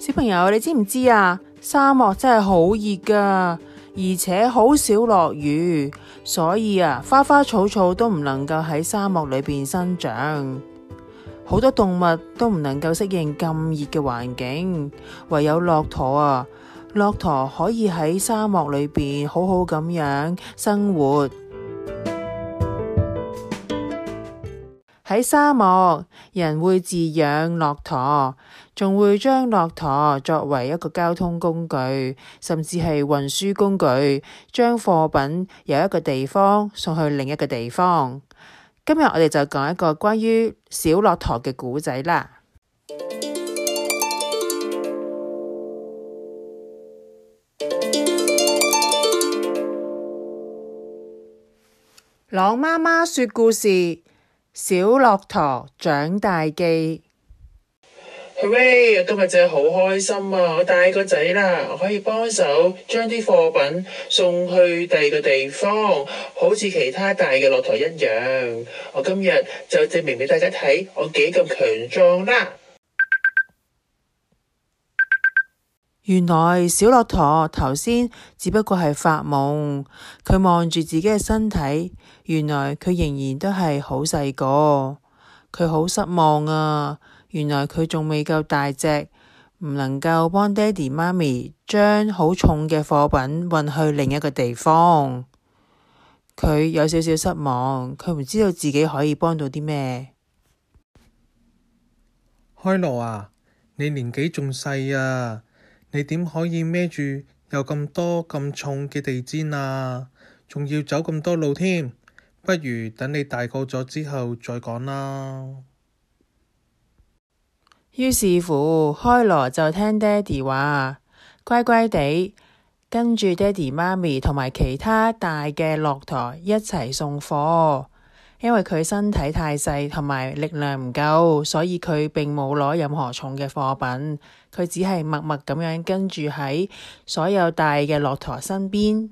小朋友，你知唔知啊？沙漠真係好熱噶，而且好少落雨，所以啊，花花草草都唔能夠喺沙漠裏邊生長，好多動物都唔能夠適應咁熱嘅環境，唯有駱駝啊，駱駝可以喺沙漠裏邊好好咁樣生活。喺沙漠，人會飼養駱駝，仲會將駱駝作為一個交通工具，甚至係運輸工具，將貨品由一個地方送去另一個地方。今日我哋就講一個關於小駱駝嘅故仔啦。狼媽媽說故事。小駱駝長大記。哈喂！今日真係好開心啊！我大個仔啦，我可以幫手將啲貨品送去第二個地方，好似其他大嘅駱駝一樣。我今日就證明俾大家睇，我幾咁強壯啦！原來小駱駝頭先只不過係發夢，佢望住自己嘅身體，原來佢仍然都係好細個，佢好失望啊！原來佢仲未夠大隻，唔能夠幫爹地媽咪將好重嘅貨品運去另一個地方，佢有少少失望，佢唔知道自己可以幫到啲咩。開羅啊，你年紀仲細啊！你點可以孭住有咁多咁重嘅地氈啊？仲要走咁多路添啊？不如等你大個咗之後再講啦。於是乎，開羅就聽爹哋話，乖乖地跟住爹哋媽咪同埋其他大嘅駱駝一齊送貨。因為佢身體太細同埋力量唔夠，所以佢並冇攞任何重嘅貨品。佢只係默默咁樣跟住喺所有大嘅駱駝身邊。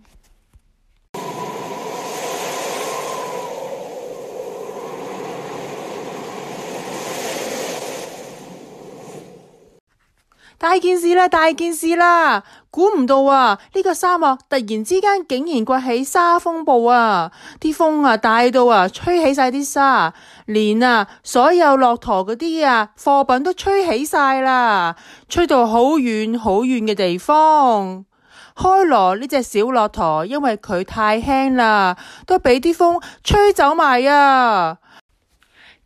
大件事啦，大件事啦！估唔到啊，呢個沙漠突然之間竟然颳起沙風暴啊！啲風啊大到啊，吹起晒啲沙，連啊所有駱駝嗰啲啊貨品都吹起晒啦，吹到好遠好遠嘅地方。開羅呢隻小駱駝因為佢太輕啦，都俾啲風吹走埋啊！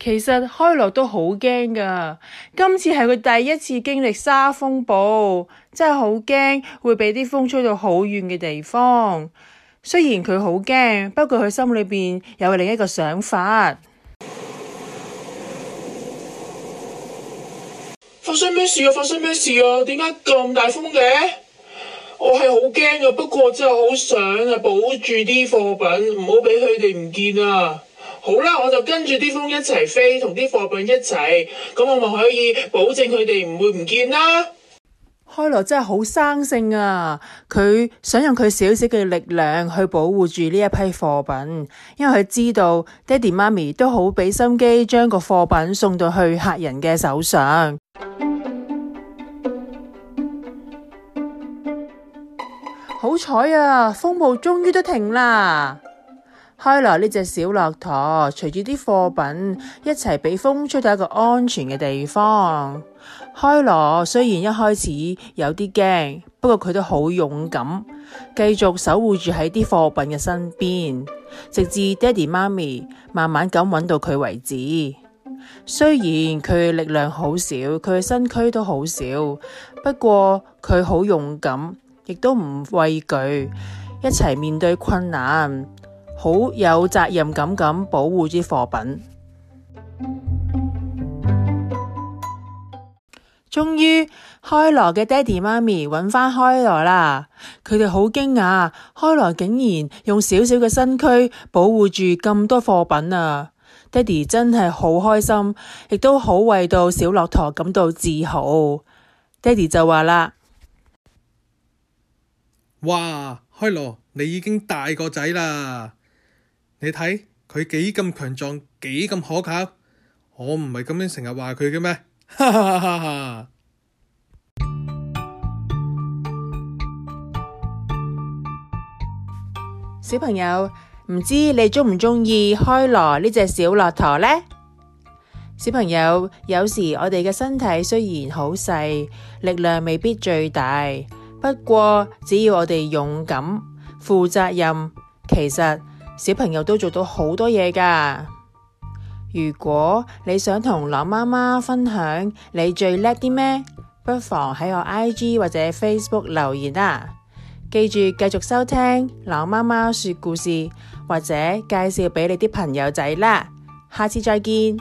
其實開羅都好驚噶，今次係佢第一次經歷沙風暴，真係好驚會俾啲風吹到好遠嘅地方。雖然佢好驚，不過佢心裏邊有另一個想法。發生咩事啊？發生咩事啊？點解咁大風嘅？我係好驚啊，不過真係好想啊，保住啲貨品，唔好俾佢哋唔見啊！好啦，我就跟住啲風一齊飛，同啲貨品一齊，咁我咪可以保證佢哋唔會唔見啦。開羅真係好生性啊！佢想用佢少少嘅力量去保護住呢一批貨品，因為佢知道爹哋媽咪都好俾心機將個貨品送到去客人嘅手上。好彩 啊，風暴終於都停啦！開羅呢隻小駱駝隨住啲貨品一齊被風吹到一個安全嘅地方。開羅雖然一開始有啲驚，不過佢都好勇敢，繼續守護住喺啲貨品嘅身邊，直至爹哋媽咪慢慢咁揾到佢為止。雖然佢力量好少，佢嘅身軀都好少，不過佢好勇敢，亦都唔畏懼，一齊面對困難。好有責任感咁保護住貨品，終於開羅嘅爹地媽咪揾返開羅啦！佢哋好驚訝，開羅竟然用小小嘅身軀保護住咁多貨品啊！爹地真係好開心，亦都好為到小駱駝感到自豪。爹地就話啦：「哇，開羅，你已經大個仔啦！你睇佢幾咁強壯，幾咁可靠，我唔係咁樣成日話佢嘅咩？哈哈哈哈哈，小朋友唔知你鍾唔鍾意開羅呢隻小駱駝呢？小朋友有時我哋嘅身體雖然好細，力量未必最大，不過只要我哋勇敢、負責任，其實。小朋友都做到好多嘢噶，如果你想同老媽媽分享，你最叻啲咩，不妨喺我 IG 或者 Facebook 留言啦，啊。記住繼續收聽老媽媽說故事，或者介紹俾你啲朋友仔啦。下次再見。